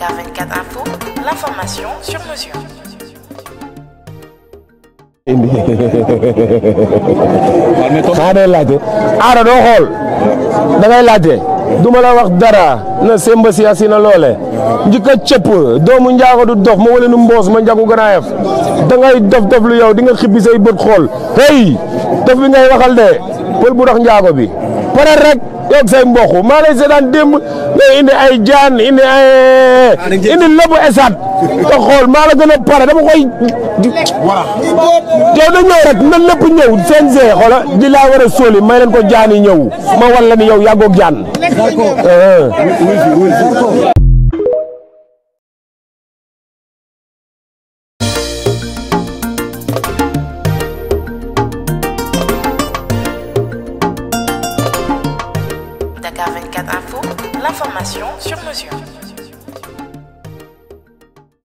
K24 Info, l'information sur mesure. xanaa day laajte aada doo xool da ngay laajte du ma la wax dara na semba si asina loole njëkk a cëpp doomu njaago du dof ma wala nu mboos ma njagu ganaayaf da ngay dof dof lu yow di nga xibbi say bët xool hey dof bi ngay waxal de pël bu dox njaago bi pare rek yow say mboq maa lay seetaan démb nga indi ay jaan indi ay. indi lépp esaat. te xool maa gën a pare dama koy. voilà. da ñëw rek na lépp ñëw seen see xoola di laa war a sóoli leen ko jaani ñëw ma walla ni yow yàggoog jaan. d'accord. Eh, eh. 24 Info, l'information sur mesure.